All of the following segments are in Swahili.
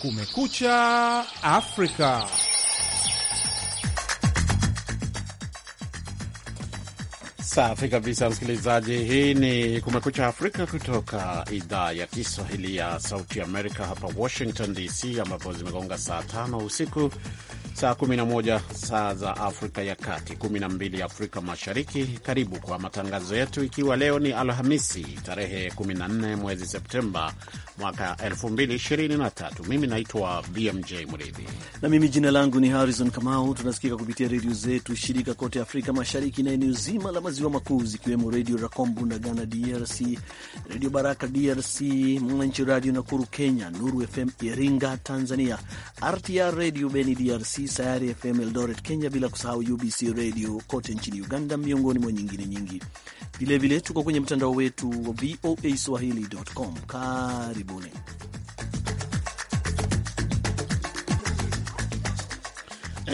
Kumekucha Afrika. Safi kabisa, msikilizaji. Hii ni Kumekucha Afrika kutoka idhaa ya Kiswahili ya Sauti Amerika hapa Washington DC, ambapo zimegonga saa tano usiku saa 11 saa za Afrika ya Kati, 12 Afrika Mashariki. Karibu kwa matangazo yetu, ikiwa leo ni Alhamisi tarehe 14 mwezi Septemba mwaka 2023. Mimi naitwa BMJ Mridhi na mimi jina langu ni Harrison Kamau. Tunasikika kupitia redio zetu shirika kote Afrika Mashariki na eneo zima la maziwa makuu, zikiwemo Redio Rakombu na Ghana DRC, Redio Baraka DRC, Mwananchi Radio Nakuru Kenya, Nuru FM Iringa Tanzania, RTR Radio Beni DRC, Sayari FM Eldoret, Kenya, bila kusahau UBC Radio kote nchini Uganda, miongoni mwa nyingine nyingi. Vilevile tuko kwenye mtandao wetu wa voa swahili.com. Karibuni.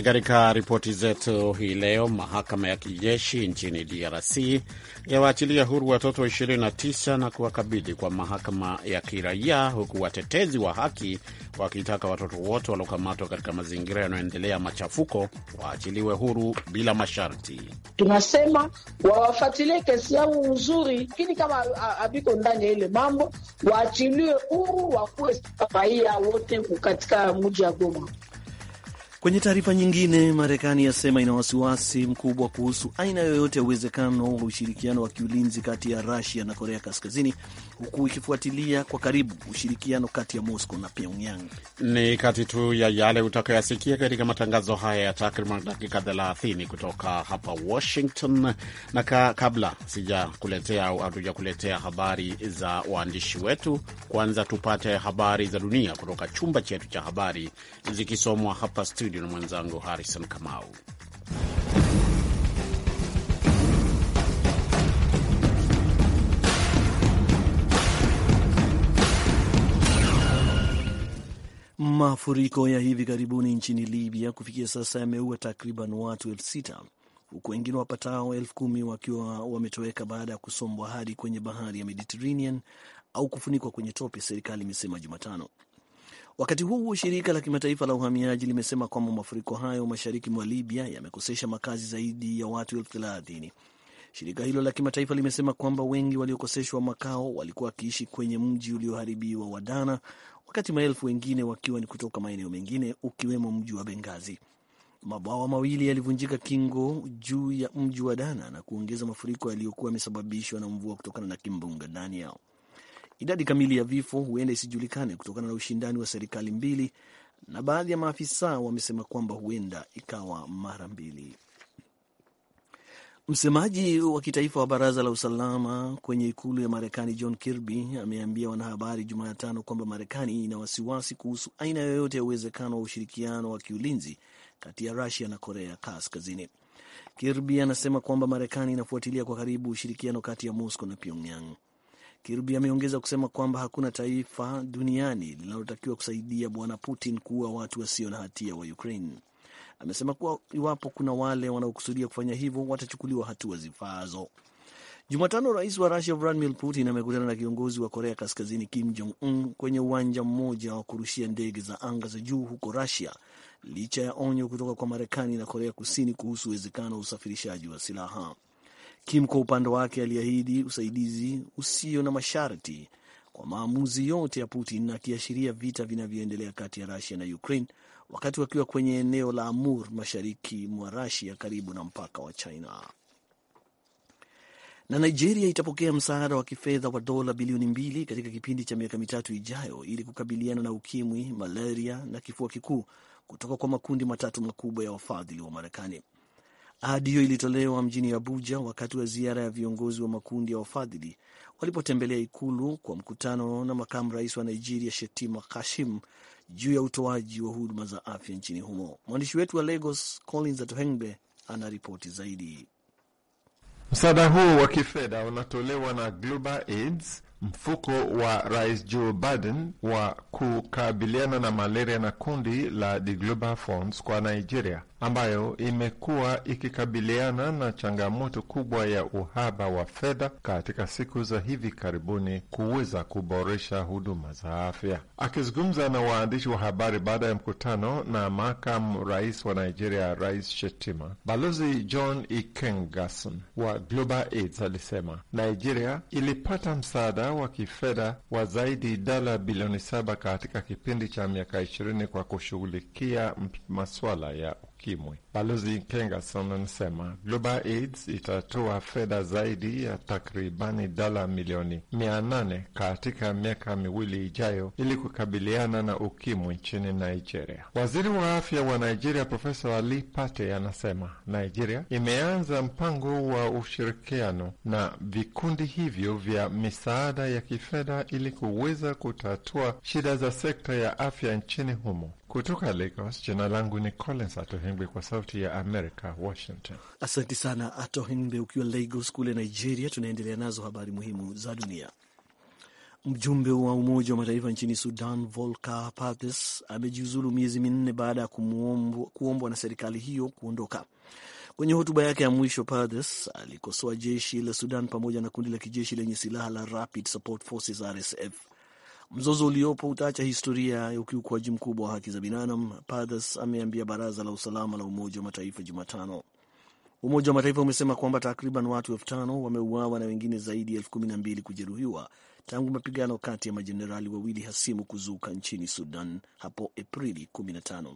Katika ripoti zetu hii leo, mahakama ya kijeshi nchini DRC yawaachilia huru watoto 29 na kuwakabidhi kwa mahakama ya kiraia, huku watetezi wa haki wakitaka watoto wote waliokamatwa katika mazingira yanayoendelea machafuko waachiliwe huru bila masharti. Tunasema wawafuatilie kesi yao uzuri, lakini kama haviko ndani ya ile mambo waachiliwe huru, wakuwe raia wote katika mji wa Goma. Kwenye taarifa nyingine, Marekani yasema ina wasiwasi mkubwa kuhusu aina yoyote ya uwezekano wa ushirikiano wa kiulinzi kati ya Rusia na Korea Kaskazini, huku ikifuatilia kwa karibu ushirikiano kati ya Moscow na Pyongyang. Ni kati tu ya yale utakayasikia katika matangazo haya ya takriban dakika 30 kutoka hapa Washington, na ka, kabla sijakuletea au hatujakuletea habari za waandishi wetu, kwanza tupate habari za dunia kutoka chumba chetu cha habari zikisomwa hapa studio na mwenzangu Harrison Kamau. Mafuriko ya hivi karibuni nchini Libya kufikia sasa yameua takriban watu elfu sita huku wengine wapatao elfu kumi wakiwa wametoweka baada ya kusombwa hadi kwenye bahari ya Mediterranean au kufunikwa kwenye tope, serikali imesema Jumatano. Wakati huu huo, shirika la kimataifa la uhamiaji limesema kwamba mafuriko hayo mashariki mwa Libya yamekosesha makazi zaidi ya watu elfu thelathini. Shirika hilo la kimataifa limesema kwamba wengi waliokoseshwa makao walikuwa wakiishi kwenye mji ulioharibiwa wa Dana wakati maelfu wengine wakiwa ni kutoka maeneo mengine ukiwemo mji wa Bengazi. Mabwawa mawili yalivunjika kingo juu ya mji wa Dana na kuongeza mafuriko yaliyokuwa yamesababishwa na mvua kutokana na kimbunga Daniel. Idadi kamili ya vifo huenda isijulikane kutokana na ushindani wa serikali mbili, na baadhi ya maafisa wamesema kwamba huenda ikawa mara mbili. Msemaji wa kitaifa wa baraza la usalama kwenye ikulu ya Marekani, John Kirby ameambia wanahabari Jumatano kwamba Marekani ina wasiwasi kuhusu aina yoyote ya uwezekano wa ushirikiano wa kiulinzi kati ya Rusia na Korea Kaskazini. Kirby anasema kwamba Marekani inafuatilia kwa karibu ushirikiano kati ya Moscow na Pyongyang. Kirby ameongeza kusema kwamba hakuna taifa duniani linalotakiwa kusaidia Bwana Putin kuua watu wasio na hatia wa Ukraine amesema kuwa iwapo kuna wale wanaokusudia kufanya hivyo watachukuliwa hatua zifaazo. Jumatano, rais wa Rusia Vladimir Putin amekutana na kiongozi wa Korea Kaskazini Kim Jong Un kwenye uwanja mmoja wa kurushia ndege za anga za juu huko Rusia, licha ya onyo kutoka kwa Marekani na Korea Kusini kuhusu uwezekano wa usafirishaji wa silaha. Kim kwa upande wake aliahidi usaidizi usio na masharti kwa maamuzi yote ya Putin, akiashiria vita vinavyoendelea kati ya Rusia na Ukraine wakati wakiwa kwenye eneo la Amur mashariki mwa Rasia karibu na mpaka wa China. Na Nigeria itapokea msaada wa kifedha wa dola bilioni mbili katika kipindi cha miaka mitatu ijayo ili kukabiliana na ukimwi, malaria na kifua kikuu kutoka kwa makundi matatu makubwa ya wafadhili wa Marekani. Ahadi hiyo ilitolewa mjini Abuja wakati wa ziara ya viongozi wa makundi ya wafadhili walipotembelea ikulu kwa mkutano na makamu rais wa Nigeria Shetima Kashim juu ya utoaji wa huduma za afya nchini humo. Mwandishi wetu wa Lagos Collins Atohengbe ana ripoti zaidi. Msaada huu wa kifedha unatolewa na Global AIDS, mfuko wa Rais Joe Biden wa kukabiliana na malaria na kundi la The Global Funds kwa Nigeria ambayo imekuwa ikikabiliana na changamoto kubwa ya uhaba wa fedha katika siku za hivi karibuni kuweza kuboresha huduma za afya. Akizungumza na waandishi wa habari baada ya mkutano na makamu rais wa Nigeria, Rais Shetima, Balozi John Ikengason e. wa Global AIDS alisema Nigeria ilipata msaada wa kifedha wa zaidi dola bilioni saba katika kipindi cha miaka ishirini kwa kushughulikia maswala ya ukimwi. Balozi Kengason anasema Global AIDS itatoa fedha zaidi ya takribani dola milioni mia nane katika miaka miwili ijayo ili kukabiliana na ukimwi nchini Nigeria. Waziri wa afya wa Nigeria Profesa Ali Pate anasema Nigeria imeanza mpango wa ushirikiano na vikundi hivyo vya misaada ya kifedha ili kuweza kutatua shida za sekta ya afya nchini humo. Kutoka Lagos, jina langu ni Collins Atohengbe kwa Sauti ya America, Washington. Asante sana Atohengbe ukiwa Lagos kule Nigeria. Tunaendelea nazo habari muhimu za dunia. Mjumbe wa Umoja wa Mataifa nchini Sudan, Volker Perthes, amejiuzulu miezi minne baada ya kuombwa na serikali hiyo kuondoka. Kwenye hotuba yake ya mwisho, Perthes alikosoa jeshi la Sudan pamoja na kundi la kijeshi lenye silaha la Rapid Support Forces, RSF Mzozo uliopo utaacha historia ya ukiukwaji mkubwa wa haki za binadamu, Pathas ameambia baraza la usalama la Umoja wa Mataifa Jumatano. Umoja wa Mataifa umesema kwamba takriban watu elfu tano wameuawa na wengine zaidi ya elfu kumi na mbili kujeruhiwa tangu mapigano kati ya majenerali wawili hasimu kuzuka nchini Sudan hapo Aprili 15.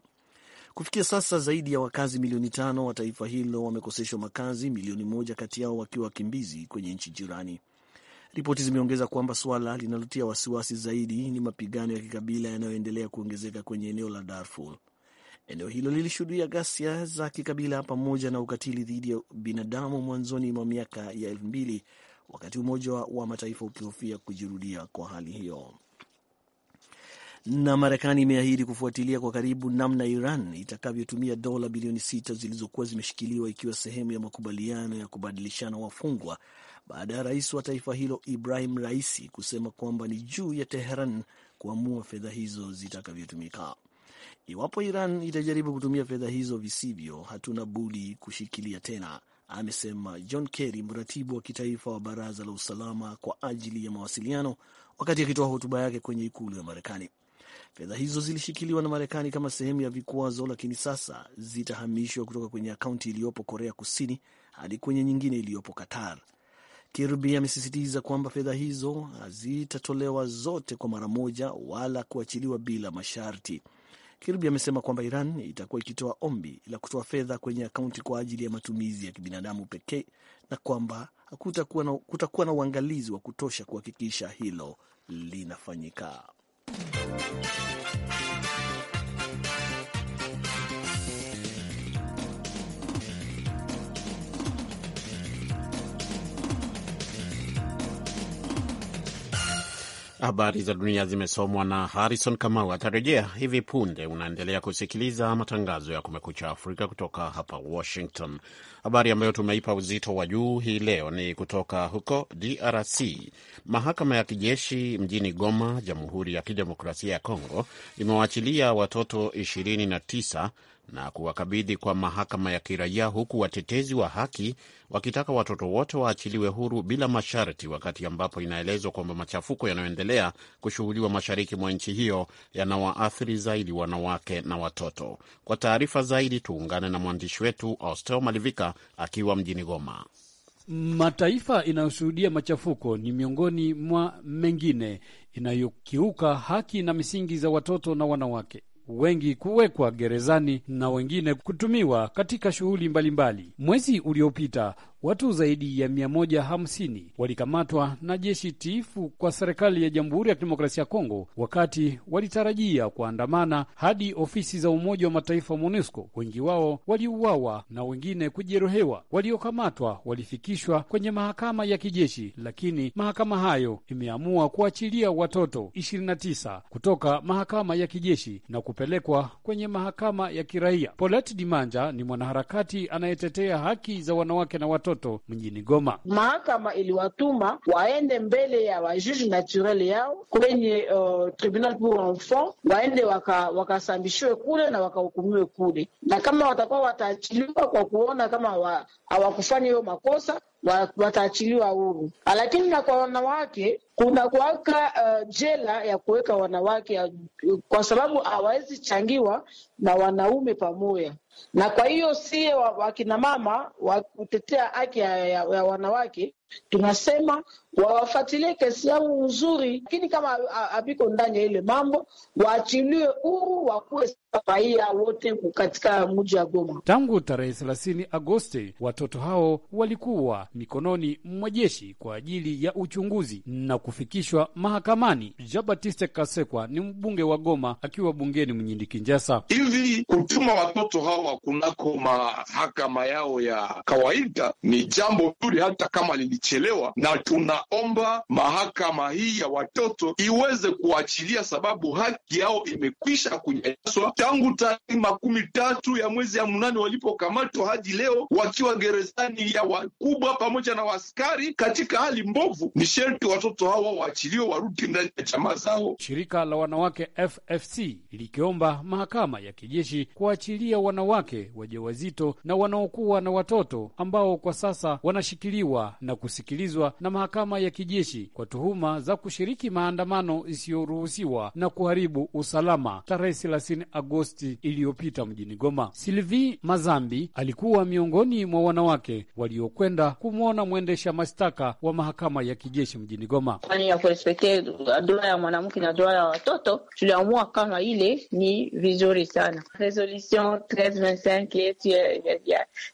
Kufikia sasa zaidi ya wakazi milioni tano wa taifa hilo wamekoseshwa makazi, milioni moja kati yao wakiwa wakimbizi kwenye nchi jirani. Ripoti zimeongeza kwamba suala linalotia wasiwasi zaidi ni mapigano ya kikabila yanayoendelea kuongezeka kwenye eneo la Darfur. Eneo hilo lilishuhudia ghasia za kikabila pamoja na ukatili dhidi ya binadamu mwanzoni mwa miaka ya elfu mbili wakati Umoja wa Mataifa ukihofia kujirudia kwa hali hiyo. Na Marekani imeahidi kufuatilia kwa karibu namna Iran itakavyotumia dola bilioni sita zilizokuwa zimeshikiliwa ikiwa sehemu ya makubaliano ya kubadilishana wafungwa baada ya rais wa taifa hilo Ibrahim Raisi kusema kwamba ni juu ya Teheran kuamua fedha hizo zitakavyotumika. Iwapo Iran itajaribu kutumia fedha hizo visivyo, hatuna budi kushikilia tena, amesema John Kerry, mratibu wa kitaifa wa baraza la usalama kwa ajili ya mawasiliano, wakati akitoa hotuba yake kwenye ikulu ya Marekani. Fedha hizo zilishikiliwa na Marekani kama sehemu ya vikwazo, lakini sasa zitahamishwa kutoka kwenye akaunti iliyopo Korea Kusini hadi kwenye nyingine iliyopo Qatar. Kirby amesisitiza kwamba fedha hizo hazitatolewa zote kwa mara moja wala kuachiliwa bila masharti. Kirby amesema kwamba Iran itakuwa ikitoa ombi la kutoa fedha kwenye akaunti kwa ajili ya matumizi ya kibinadamu pekee na kwamba kutakuwa na, kutakuwa na uangalizi wa kutosha kuhakikisha hilo linafanyika. Habari za dunia zimesomwa na Harrison Kamau. Atarejea hivi punde. Unaendelea kusikiliza matangazo ya Kumekucha Afrika kutoka hapa Washington. Habari ambayo tumeipa uzito wa juu hii leo ni kutoka huko DRC. Mahakama ya kijeshi mjini Goma, Jamhuri ya Kidemokrasia ya Kongo, imewaachilia watoto 29 na kuwakabidhi kwa mahakama ya kiraia, huku watetezi wa haki wakitaka watoto wote waachiliwe huru bila masharti, wakati ambapo inaelezwa kwamba machafuko yanayoendelea kushughuliwa mashariki mwa nchi hiyo yanawaathiri zaidi wanawake na watoto. Kwa taarifa zaidi, tuungane na mwandishi wetu Austeo Malivika akiwa mjini Goma. Mataifa inayoshuhudia machafuko ni miongoni mwa mengine inayokiuka haki na misingi za watoto na wanawake wengi kuwekwa gerezani na wengine kutumiwa katika shughuli mbalimbali. Mwezi uliopita Watu zaidi ya 150 walikamatwa na jeshi tiifu kwa serikali ya Jamhuri ya Kidemokrasia ya Kongo wakati walitarajia kuandamana hadi ofisi za Umoja wa Mataifa MONUSCO. Wengi wao waliuawa na wengine kujeruhiwa. Waliokamatwa walifikishwa kwenye mahakama ya kijeshi, lakini mahakama hayo imeamua kuachilia watoto 29 kutoka mahakama ya kijeshi na kupelekwa kwenye mahakama ya kiraia. Polet Dimanja ni mwanaharakati anayetetea haki za wanawake na watoto watoto mjini Goma. Mahakama iliwatuma waende mbele ya wajuji naturel yao kwenye uh, tribunal pour enfant, waende wakasambishiwe waka kule na wakahukumiwe kule, na kama watakuwa wataachiliwa kwa kuona kama hawakufanya hiyo makosa wataachiliwa huru, ah, lakini na kwa wanawake kuna kuwaka uh, jela ya kuweka wanawake kwa sababu hawawezi changiwa na wanaume pamoja na kwa hiyo sie wakinamama wa kutetea haki ya, ya, ya wanawake tunasema wawafuatilie kesi yao uzuri, lakini kama apiko ndani ya ile mambo waachiliwe huru, wakuwe raia wote katika mji wa Goma. Tangu tarehe thelathini Agosti, watoto hao walikuwa mikononi mwa jeshi kwa ajili ya uchunguzi na kufikishwa mahakamani. Jean Baptiste Kasekwa ni mbunge wa Goma akiwa bungeni mnyindi kinjasa Hivi kutuma watoto hawa kunako mahakama yao ya kawaida ni jambo zuri, hata kama lili ilichelewa, na tunaomba mahakama hii ya watoto iweze kuachilia, sababu haki yao imekwisha kunyanyaswa tangu tarehe makumi tatu ya mwezi ya mnane walipokamatwa hadi leo wakiwa gerezani ya wakubwa pamoja na waskari katika hali mbovu. Ni sherti watoto hawa waachiliwe, warudi ndani ya jamaa zao. Shirika la wanawake FFC likiomba mahakama ya kijeshi kuachilia wanawake wajawazito na wanaokuwa na watoto ambao kwa sasa wanashikiliwa na kus kusikilizwa na mahakama ya kijeshi kwa tuhuma za kushiriki maandamano isiyoruhusiwa na kuharibu usalama tarehe 30 Agosti iliyopita mjini Goma. Silvi Mazambi alikuwa miongoni mwa wanawake waliokwenda kumwona mwendesha mashtaka wa mahakama ya kijeshi mjini Goma. ya kurespekte ya mwanamke na dola ya watoto, tuliamua kama ile ni vizuri sana. Resolution 1325 yetu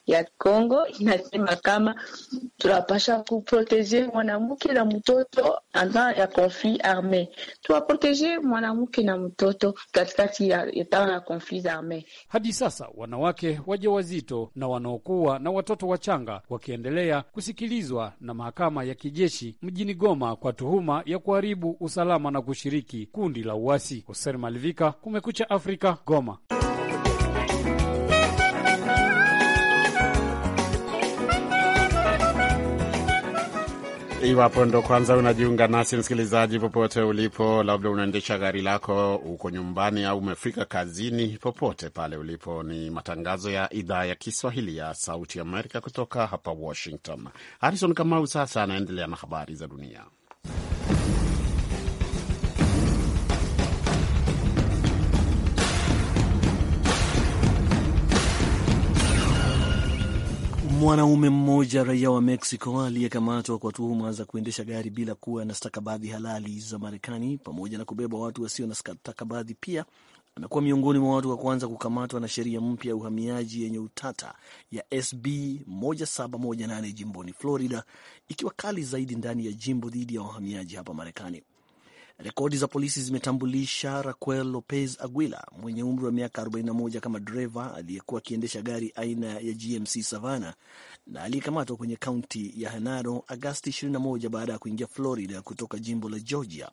ya Kongo inasema kama tunapasha kuprotege mwanamke na mtoto ndani ya konfli arme. Tuwaprotege mwanamke na mtoto katikati ya tano ya konfli arme. Hadi sasa wanawake wajawazito na wanaokuwa na watoto wachanga wakiendelea kusikilizwa na mahakama ya kijeshi mjini Goma kwa tuhuma ya kuharibu usalama na kushiriki kundi la uasi. Hoser Malivika, Kumekucha Afrika, Goma. Iwapo ndo kwanza unajiunga nasi, msikilizaji, popote ulipo, labda unaendesha gari lako, uko nyumbani au umefika kazini, popote pale ulipo, ni matangazo ya idhaa ya Kiswahili ya Sauti Amerika kutoka hapa Washington. Harrison Kamau sasa anaendelea na habari za dunia. Mwanaume mmoja raia wa Mexico aliyekamatwa kwa tuhuma za kuendesha gari bila kuwa na stakabadhi halali za Marekani pamoja na kubeba watu wasio na stakabadhi pia amekuwa miongoni mwa watu wa kwanza kukamatwa na sheria mpya ya uhamiaji yenye utata ya SB 1718 jimboni Florida, ikiwa kali zaidi ndani ya jimbo dhidi ya wahamiaji hapa Marekani. Rekodi za polisi zimetambulisha Raquel Lopez Aguila mwenye umri wa miaka 41 kama dreva aliyekuwa akiendesha gari aina ya GMC Savannah na aliyekamatwa kwenye kaunti ya hanaro Agasti 21 baada ya kuingia Florida kutoka jimbo la Georgia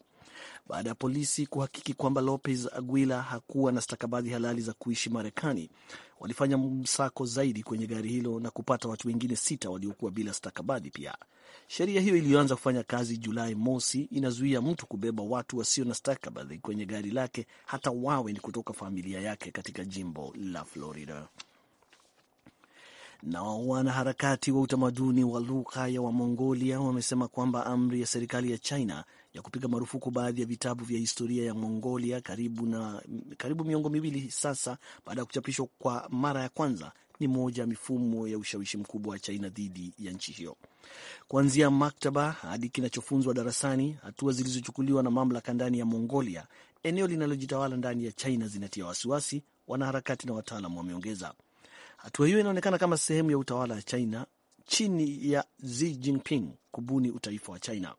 baada ya polisi kuhakiki kwamba Lopez Aguila hakuwa na stakabadhi halali za kuishi Marekani, walifanya msako zaidi kwenye gari hilo na kupata watu wengine sita waliokuwa bila stakabadhi pia. Sheria hiyo iliyoanza kufanya kazi Julai mosi inazuia mtu kubeba watu wasio na stakabadhi kwenye gari lake hata wawe ni kutoka familia yake katika jimbo la Florida. Na wanaharakati wa utamaduni wa lugha ya Wamongolia wamesema kwamba amri ya serikali ya China ya kupiga marufuku baadhi ya vitabu vya historia ya Mongolia karibu, na, karibu miongo miwili sasa baada ya kuchapishwa kwa mara ya kwanza ni moja ya mifumo ya ushawishi mkubwa wa China dhidi ya nchi hiyo, kuanzia maktaba hadi kinachofunzwa darasani. Hatua zilizochukuliwa na mamlaka ndani ya Mongolia, eneo linalojitawala ndani ya China, zinatia wasiwasi, wanaharakati na wataalam wameongeza. Hatua hiyo inaonekana kama sehemu ya utawala wa China chini ya Xi Jinping kubuni utaifa wa China.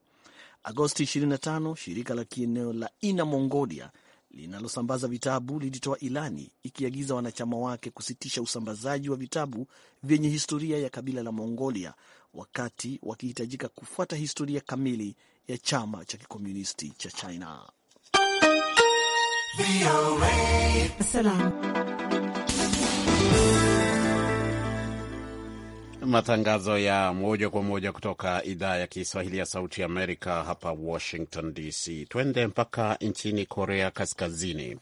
Agosti 25 shirika la kieneo la INA Mongolia linalosambaza vitabu lilitoa ilani ikiagiza wanachama wake kusitisha usambazaji wa vitabu vyenye historia ya kabila la Mongolia wakati wakihitajika kufuata historia kamili ya chama cha kikomunisti cha China. Salam. Matangazo ya moja kwa moja kutoka idhaa ya Kiswahili ya Sauti ya Amerika hapa Washington DC. Twende mpaka nchini Korea Kaskazini.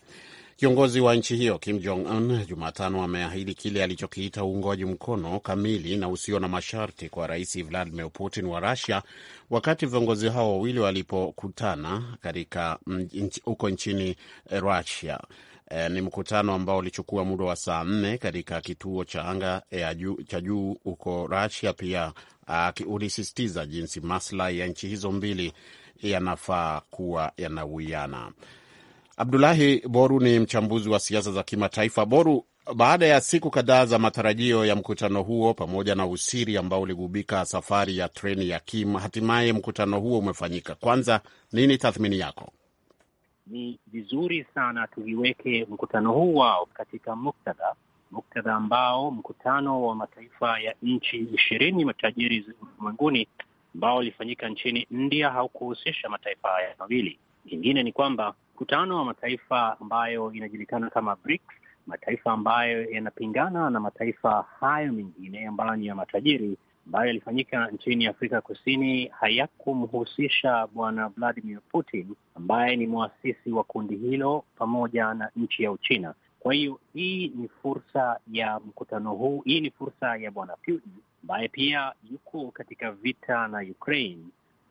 Kiongozi wa nchi hiyo Kim Jong Un Jumatano ameahidi kile alichokiita uungwaji mkono kamili na usio na masharti kwa Rais Vladimir Putin wa Rusia wakati viongozi hao wawili walipokutana katika huko nchini Rusia. E, ni mkutano ambao ulichukua muda wa saa nne katika kituo cha anga e, cha juu huko Russia. Pia ulisisitiza jinsi maslahi ya nchi hizo mbili yanafaa kuwa yanawiana. Abdulahi Boru ni mchambuzi wa siasa za kimataifa. Boru, baada ya siku kadhaa za matarajio ya mkutano huo pamoja na usiri ambao uligubika safari ya treni ya Kim, hatimaye mkutano huo umefanyika. Kwanza, nini tathmini yako? ni vizuri sana tuiweke mkutano huu wao katika muktadha muktadha ambao mkutano wa mataifa ya nchi ishirini matajiri ulimwenguni ambao ulifanyika nchini India haukuhusisha mataifa haya mawili. Kingine ni kwamba mkutano wa mataifa ambayo inajulikana kama BRICS, mataifa ambayo yanapingana na mataifa hayo mengine ambayo ni ya matajiri ambayo yalifanyika nchini Afrika Kusini hayakumhusisha bwana Vladimir Putin ambaye ni mwasisi wa kundi hilo pamoja na nchi ya Uchina. Kwa hiyo hii ni fursa ya mkutano huu, hii ni fursa ya bwana Putin ambaye pia yuko katika vita na Ukraine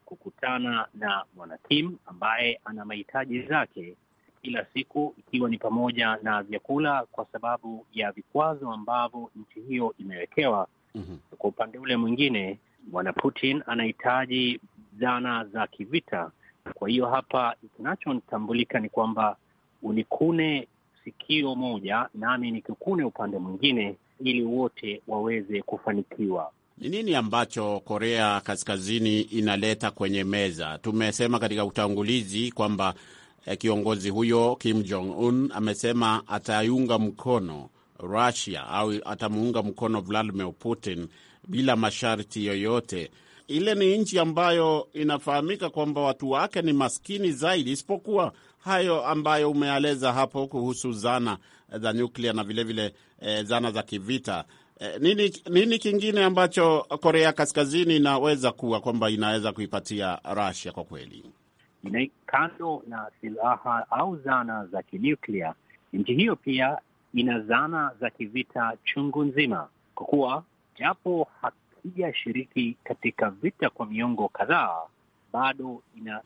kukutana na bwana Kim ambaye ana mahitaji zake kila siku ikiwa ni pamoja na vyakula kwa sababu ya vikwazo ambavyo nchi hiyo imewekewa mm -hmm. Kwa upande ule mwingine, bwana Putin anahitaji zana za kivita. Kwa hiyo hapa kinachotambulika ni kwamba unikune sikio moja nami nikikune upande mwingine, ili wote waweze kufanikiwa. Ni nini ambacho Korea Kaskazini inaleta kwenye meza? Tumesema katika utangulizi kwamba eh, kiongozi huyo Kim Jong Un amesema ataiunga mkono Russia au atamuunga mkono Vladimir Putin bila masharti yoyote. Ile ni nchi ambayo inafahamika kwamba watu wake ni maskini zaidi, isipokuwa hayo ambayo umeeleza hapo kuhusu zana za nyuklia na vilevile vile, e, zana za kivita. E, nini, nini kingine ambacho Korea Kaskazini inaweza kuwa kwamba inaweza kuipatia Russia? Kwa kweli, kando na silaha au zana za kinyuklia? nchi hiyo pia ina zana za kivita chungu nzima, kwa kuwa japo hakijashiriki katika vita kwa miongo kadhaa, bado ina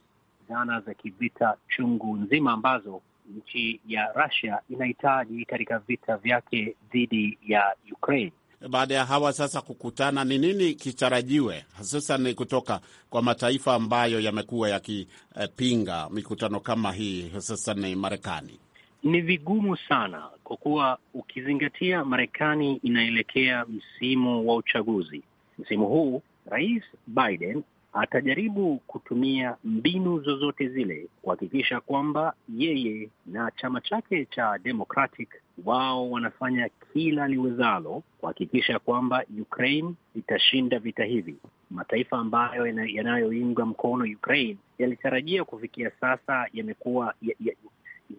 zana za kivita chungu nzima ambazo nchi ya Russia inahitaji katika vita vyake dhidi ya Ukraine. Baada ya hawa sasa kukutana, ni nini kitarajiwe hususan kutoka kwa mataifa ambayo yamekuwa yakipinga mikutano kama hii, hususan Marekani? ni vigumu sana kwa kuwa ukizingatia Marekani inaelekea msimu wa uchaguzi. Msimu huu Rais Biden atajaribu kutumia mbinu zozote zile kuhakikisha kwamba yeye na chama chake cha Democratic wao wanafanya kila liwezalo kuhakikisha kwamba Ukraine itashinda vita hivi. Mataifa ambayo yanayoinga mkono Ukraine yalitarajia kufikia sasa yamekuwa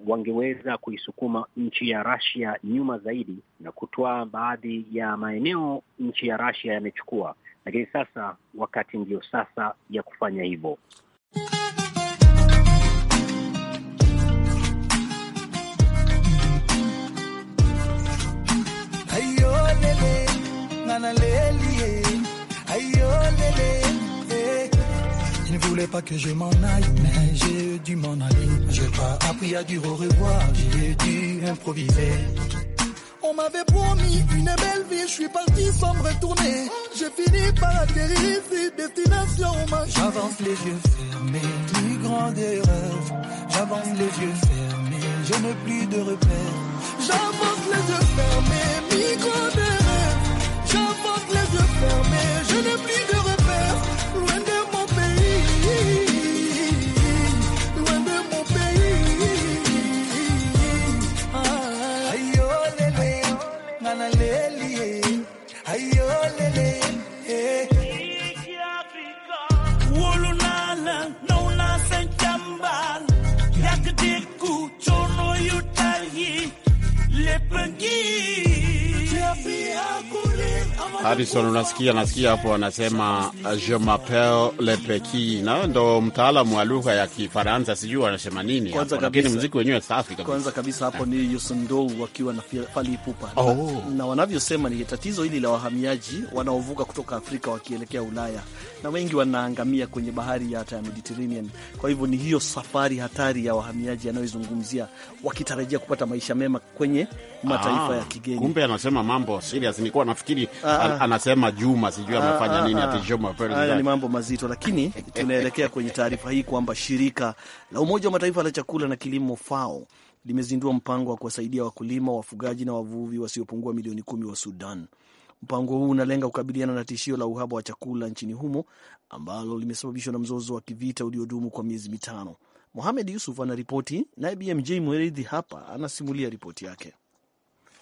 wangeweza kuisukuma nchi ya Russia nyuma zaidi na kutoa baadhi ya maeneo nchi ya Russia yamechukua, lakini sasa wakati ndiyo sasa ya kufanya hivyo. Je ne voulais pas que je m'en aille, mais j'ai dû m'en aller. J'ai pas appris à dire au revoir, j'ai dû improviser. On m'avait promis une belle vie, je suis parti sans me retourner. J'ai fini par atterrir ici, destination marché. J'avance les yeux fermés, plus grande erreur. J'avance les yeux fermés, je n'ai plus de repères. J'avance les yeux fermés, plus grande erreur. J'avance les yeux fermés, je n'ai plus de repères. na leliye, ayo leliye. Harison, unasikia nasikia hapo anasema uh, je mapel le petit, na ndo mtaalamu wa lugha ya Kifaransa, sijui anasema nini, lakini mziki wenyewe safi kabisa. Kwanza kabisa hapo ni Yusundou wakiwa na Fally na, oh. Na wanavyosema ni tatizo hili la wahamiaji wanaovuka kutoka Afrika wakielekea Ulaya, na wengi wanaangamia kwenye bahari hata ya Mediterranean. Kwa hivyo ni hiyo safari hatari ya wahamiaji yanayozungumzia, wakitarajia kupata maisha mema kwenye mataifa ah, ya kigeni. Kumbe anasema mambo serious, nilikuwa nafikiri ah, ah, anasema Juma, sijui amefanya ah, ah, nini ah, ati Juma. Haya ni mambo mazito, lakini tunaelekea kwenye taarifa hii kwamba shirika la Umoja wa Mataifa la chakula na kilimo FAO limezindua mpango wa kuwasaidia wakulima, wafugaji na wavuvi wasiopungua milioni kumi wa Sudan. Mpango huu unalenga kukabiliana na tishio la uhaba wa chakula nchini humo ambalo limesababishwa na mzozo wa kivita uliodumu kwa miezi mitano. Mohamed Yusuf anaripoti, naye BMJ Mweridhi hapa anasimulia ripoti yake.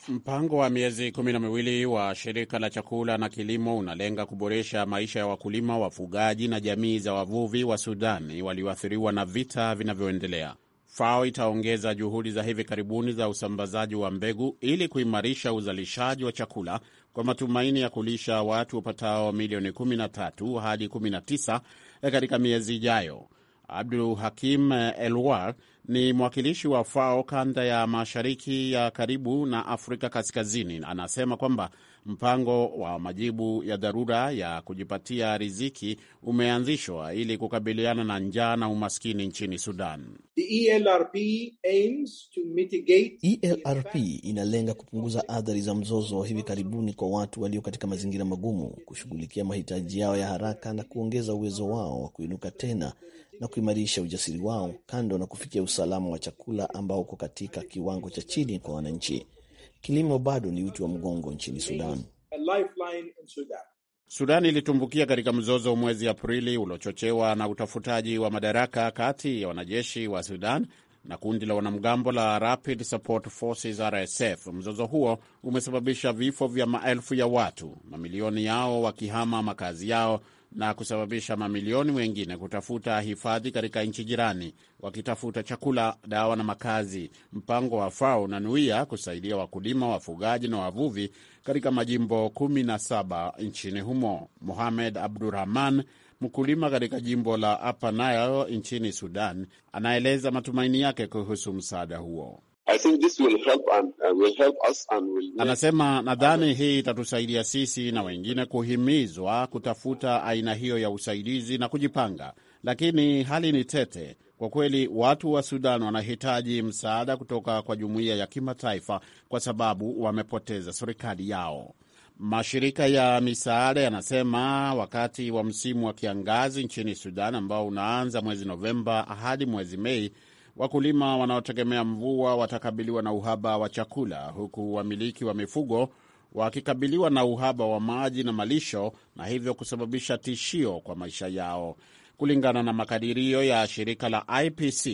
Mpango wa miezi kumi na miwili wa shirika la chakula na kilimo unalenga kuboresha maisha ya wakulima, wafugaji na jamii za wavuvi wa Sudani walioathiriwa na vita vinavyoendelea. FAO itaongeza juhudi za hivi karibuni za usambazaji wa mbegu ili kuimarisha uzalishaji wa chakula kwa matumaini ya kulisha watu wapatao milioni 13 hadi 19 eh, katika miezi ijayo. Abdul Hakim Elwar ni mwakilishi wa FAO kanda ya mashariki ya karibu na Afrika Kaskazini. Anasema kwamba mpango wa majibu ya dharura ya kujipatia riziki umeanzishwa ili kukabiliana na njaa na umaskini nchini Sudan. The ELRP, aims to mitigate... ELRP e inalenga kupunguza athari za mzozo wa hivi karibuni kwa watu walio katika mazingira magumu, kushughulikia mahitaji yao ya haraka na kuongeza uwezo wao wa kuinuka tena na kuimarisha ujasiri wao, kando na kufikia usalama wa chakula ambao uko katika kiwango cha chini kwa wananchi. Kilimo bado ni uti wa mgongo nchini Sudan. Sudan ilitumbukia katika mzozo mwezi Aprili uliochochewa na utafutaji wa madaraka kati ya wanajeshi wa Sudan na kundi la wanamgambo la Rapid Support Forces RSF. Mzozo huo umesababisha vifo vya maelfu ya watu, mamilioni yao wakihama makazi yao na kusababisha mamilioni wengine kutafuta hifadhi katika nchi jirani wakitafuta chakula, dawa na makazi. Mpango wa FAO unanuia kusaidia wakulima, wafugaji na wavuvi katika majimbo 17 nchini humo. Mohamed Abdurahman, mkulima katika jimbo la Upper Nile nchini Sudan, anaeleza matumaini yake kuhusu msaada huo. Anasema nadhani hii itatusaidia sisi na wengine kuhimizwa kutafuta aina hiyo ya usaidizi na kujipanga, lakini hali ni tete kwa kweli. Watu wa Sudan wanahitaji msaada kutoka kwa jumuiya ya kimataifa kwa sababu wamepoteza serikali yao. Mashirika ya misaada yanasema wakati wa msimu wa kiangazi nchini Sudan ambao unaanza mwezi Novemba hadi mwezi Mei Wakulima wanaotegemea mvua watakabiliwa na uhaba wa chakula, huku wamiliki wa mifugo wakikabiliwa na uhaba wa maji na malisho, na hivyo kusababisha tishio kwa maisha yao. Kulingana na makadirio ya shirika la IPC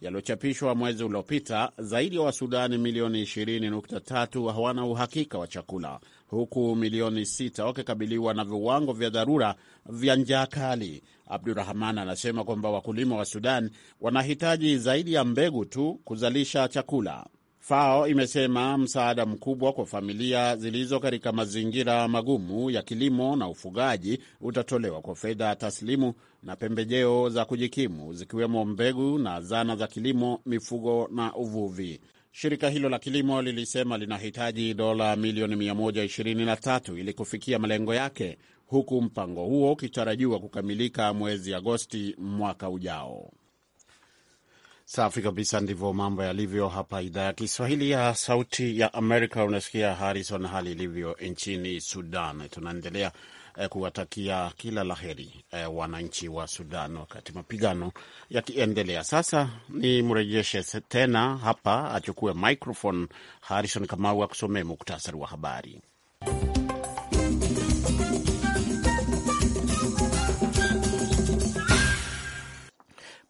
yaliyochapishwa mwezi uliopita, zaidi ya wa Wasudani milioni 20.3 hawana uhakika wa chakula huku milioni sita wakikabiliwa na viwango vya dharura vya njaa kali. Abdurahman anasema kwamba wakulima wa Sudan wanahitaji zaidi ya mbegu tu kuzalisha chakula. FAO imesema msaada mkubwa kwa familia zilizo katika mazingira magumu ya kilimo na ufugaji utatolewa kwa fedha taslimu na pembejeo za kujikimu zikiwemo mbegu na zana za kilimo, mifugo na uvuvi. Shirika hilo la kilimo lilisema linahitaji dola milioni 123 ili kufikia malengo yake, huku mpango huo ukitarajiwa kukamilika mwezi Agosti mwaka ujao. Safi kabisa, ndivyo mambo yalivyo hapa idhaa ya Kiswahili ya Sauti ya Amerika. Unasikia Harrison, hali ilivyo nchini Sudan. Tunaendelea eh, kuwatakia kila laheri eh, wananchi wa Sudan wakati mapigano yakiendelea. Sasa ni mrejeshe tena hapa, achukue microphone Harrison Kamau akusomee muktasari wa habari.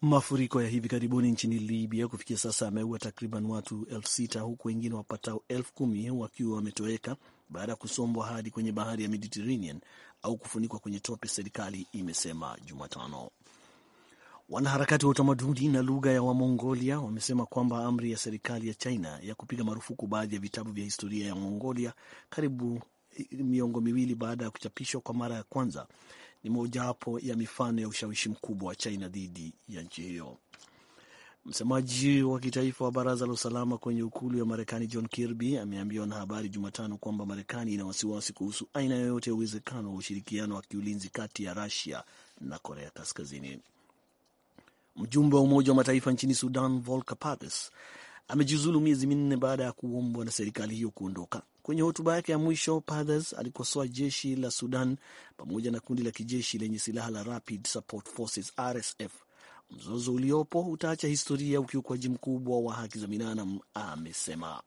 Mafuriko ya hivi karibuni nchini Libya kufikia sasa ameua takriban watu elfu sita huku wengine wapatao elfu kumi wakiwa wametoweka baada ya kusombwa hadi kwenye bahari ya Mediterranean au kufunikwa kwenye tope, serikali imesema Jumatano. Wanaharakati wa utamaduni na lugha ya Wamongolia wamesema kwamba amri ya serikali ya China ya kupiga marufuku baadhi ya vitabu vya historia ya Mongolia karibu eh, miongo miwili baada ya kuchapishwa kwa mara ya kwanza ni mojawapo ya mifano ya ushawishi mkubwa wa China dhidi ya nchi hiyo. Msemaji wa kitaifa wa baraza la usalama kwenye ukulu ya Marekani John Kirby ameambia wanahabari Jumatano kwamba Marekani ina wasiwasi kuhusu aina yoyote ya uwezekano wa ushirikiano wa kiulinzi kati ya Rusia na Korea Kaskazini. Mjumbe wa Umoja wa Mataifa nchini Sudan Volker Perthes amejiuzulu miezi minne baada ya kuombwa na serikali hiyo kuondoka. Kwenye hotuba yake ya mwisho, Perthes alikosoa jeshi la Sudan pamoja na kundi la kijeshi lenye silaha la Rapid Support Forces RSF mzozo uliopo utaacha historia ukiukwaji mkubwa wa haki za binadamu, amesema.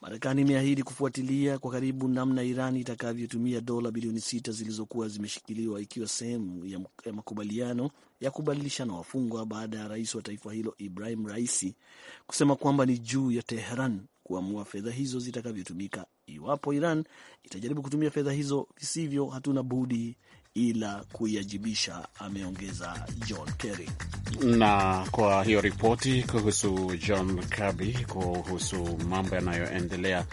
Marekani imeahidi kufuatilia kwa karibu namna Iran itakavyotumia dola bilioni sita zilizokuwa zimeshikiliwa ikiwa sehemu ya makubaliano ya kubadilishana wafungwa baada ya rais wa taifa hilo Ibrahim Raisi kusema kwamba ni juu ya Teheran kuamua fedha hizo zitakavyotumika. Iwapo Iran itajaribu kutumia fedha hizo visivyo, hatuna budi ila kuiajibisha, ameongeza John Kerry. Na kwa hiyo ripoti kuhusu John Kirby kuhusu mambo yanayoendelea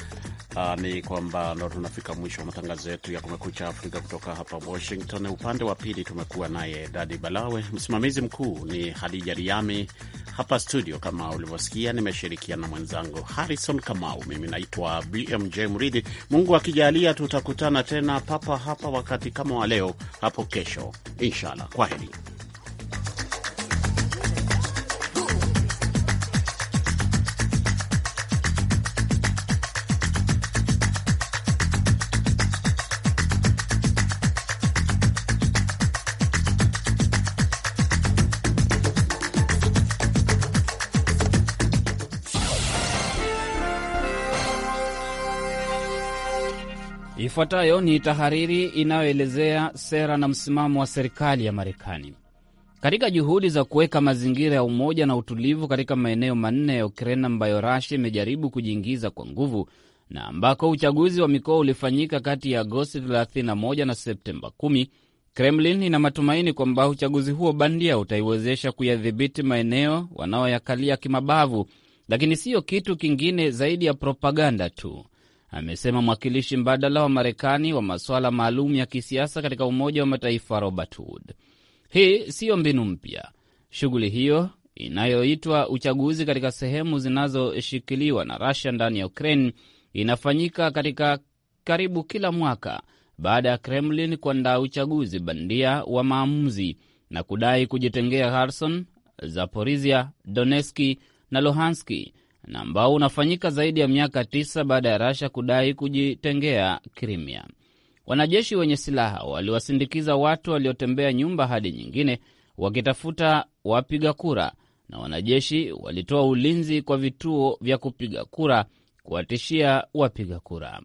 Uh, ni kwamba ndo tunafika mwisho wa matangazo yetu ya Kumekucha Afrika kutoka hapa Washington. Upande wa pili tumekuwa naye Dadi Balawe, msimamizi mkuu ni Hadija Riami. Hapa studio kama ulivyosikia, nimeshirikiana na mwenzangu Harrison Kamau. Mimi naitwa BMJ Mridhi. Mungu akijalia, tutakutana tena papa hapa wakati kama wa leo hapo kesho inshallah. Kwa heri. Ifuatayo ni tahariri inayoelezea sera na msimamo wa serikali ya Marekani. Katika juhudi za kuweka mazingira ya umoja na utulivu katika maeneo manne ya Ukraine ambayo rusia imejaribu kujiingiza kwa nguvu na ambako uchaguzi wa mikoa ulifanyika kati ya Agosti 31 na Septemba 10, Kremlin ina matumaini kwamba uchaguzi huo bandia utaiwezesha kuyadhibiti maeneo wanaoyakalia kimabavu, lakini siyo kitu kingine zaidi ya propaganda tu amesema mwakilishi mbadala wa Marekani wa masuala maalum ya kisiasa katika Umoja wa Mataifa Robert Wood. Hii siyo mbinu mpya. Shughuli hiyo inayoitwa uchaguzi katika sehemu zinazoshikiliwa na rasia ndani ya Ukraine inafanyika katika karibu kila mwaka baada ya Kremlin kuandaa uchaguzi bandia wa maamuzi na kudai kujitengea Kherson, Zaporizhia, doneski na Luhanski na ambao unafanyika zaidi ya miaka tisa baada ya Rasha kudai kujitengea krimia Wanajeshi wenye silaha waliwasindikiza watu waliotembea nyumba hadi nyingine wakitafuta wapiga kura, na wanajeshi walitoa ulinzi kwa vituo vya kupiga kura kuwatishia wapiga kura.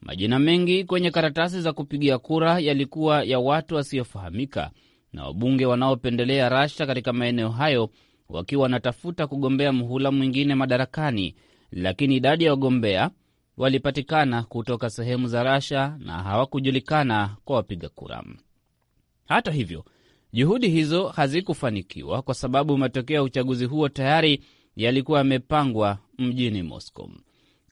Majina mengi kwenye karatasi za kupigia kura yalikuwa ya watu wasiofahamika na wabunge wanaopendelea Rasha katika maeneo hayo wakiwa wanatafuta kugombea mhula mwingine madarakani, lakini idadi ya wagombea walipatikana kutoka sehemu za Rasha na hawakujulikana kwa wapiga kura. Hata hivyo, juhudi hizo hazikufanikiwa kwa sababu matokeo ya uchaguzi huo tayari yalikuwa yamepangwa mjini Moscow.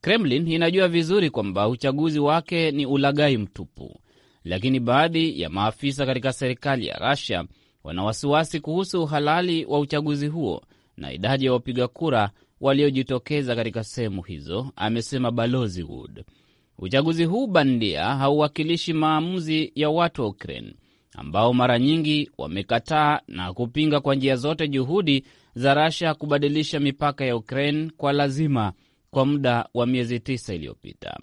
Kremlin inajua vizuri kwamba uchaguzi wake ni ulaghai mtupu, lakini baadhi ya maafisa katika serikali ya Russia wana wasiwasi kuhusu uhalali wa uchaguzi huo na idadi ya wapiga kura waliojitokeza katika sehemu hizo, amesema Balozi Wood. Uchaguzi huu bandia hauwakilishi maamuzi ya watu wa Ukraine ambao mara nyingi wamekataa na kupinga kwa njia zote juhudi za Rasha kubadilisha mipaka ya Ukraine kwa lazima kwa muda wa miezi tisa iliyopita.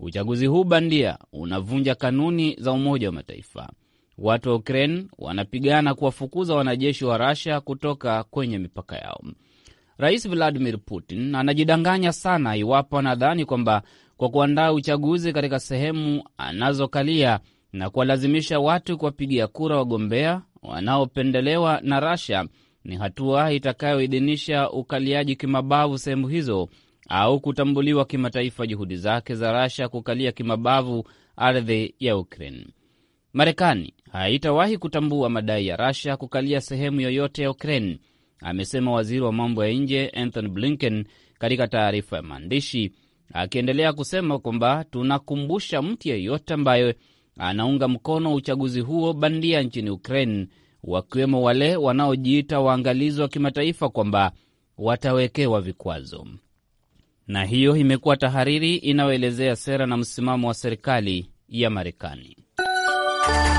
Uchaguzi huu bandia unavunja kanuni za Umoja wa Mataifa. Watu wa Ukraine wanapigana kuwafukuza wanajeshi wa Russia kutoka kwenye mipaka yao. Rais Vladimir Putin anajidanganya sana iwapo anadhani kwamba kwa kuandaa uchaguzi katika sehemu anazokalia na kuwalazimisha watu kuwapigia kura wagombea wanaopendelewa na Russia ni hatua itakayoidhinisha ukaliaji kimabavu sehemu hizo au kutambuliwa kimataifa juhudi zake za Russia kukalia kimabavu ardhi ya Ukraine. Marekani haitawahi kutambua madai ya Russia kukalia sehemu yoyote ya Ukraine, amesema waziri wa mambo ya nje Anthony Blinken katika taarifa ya maandishi, akiendelea kusema kwamba tunakumbusha mtu yeyote ambaye anaunga mkono uchaguzi huo bandia nchini Ukraine, wakiwemo wale wanaojiita waangalizi wa kimataifa, kwamba watawekewa vikwazo. Na hiyo imekuwa tahariri inayoelezea sera na msimamo wa serikali ya Marekani. Bye.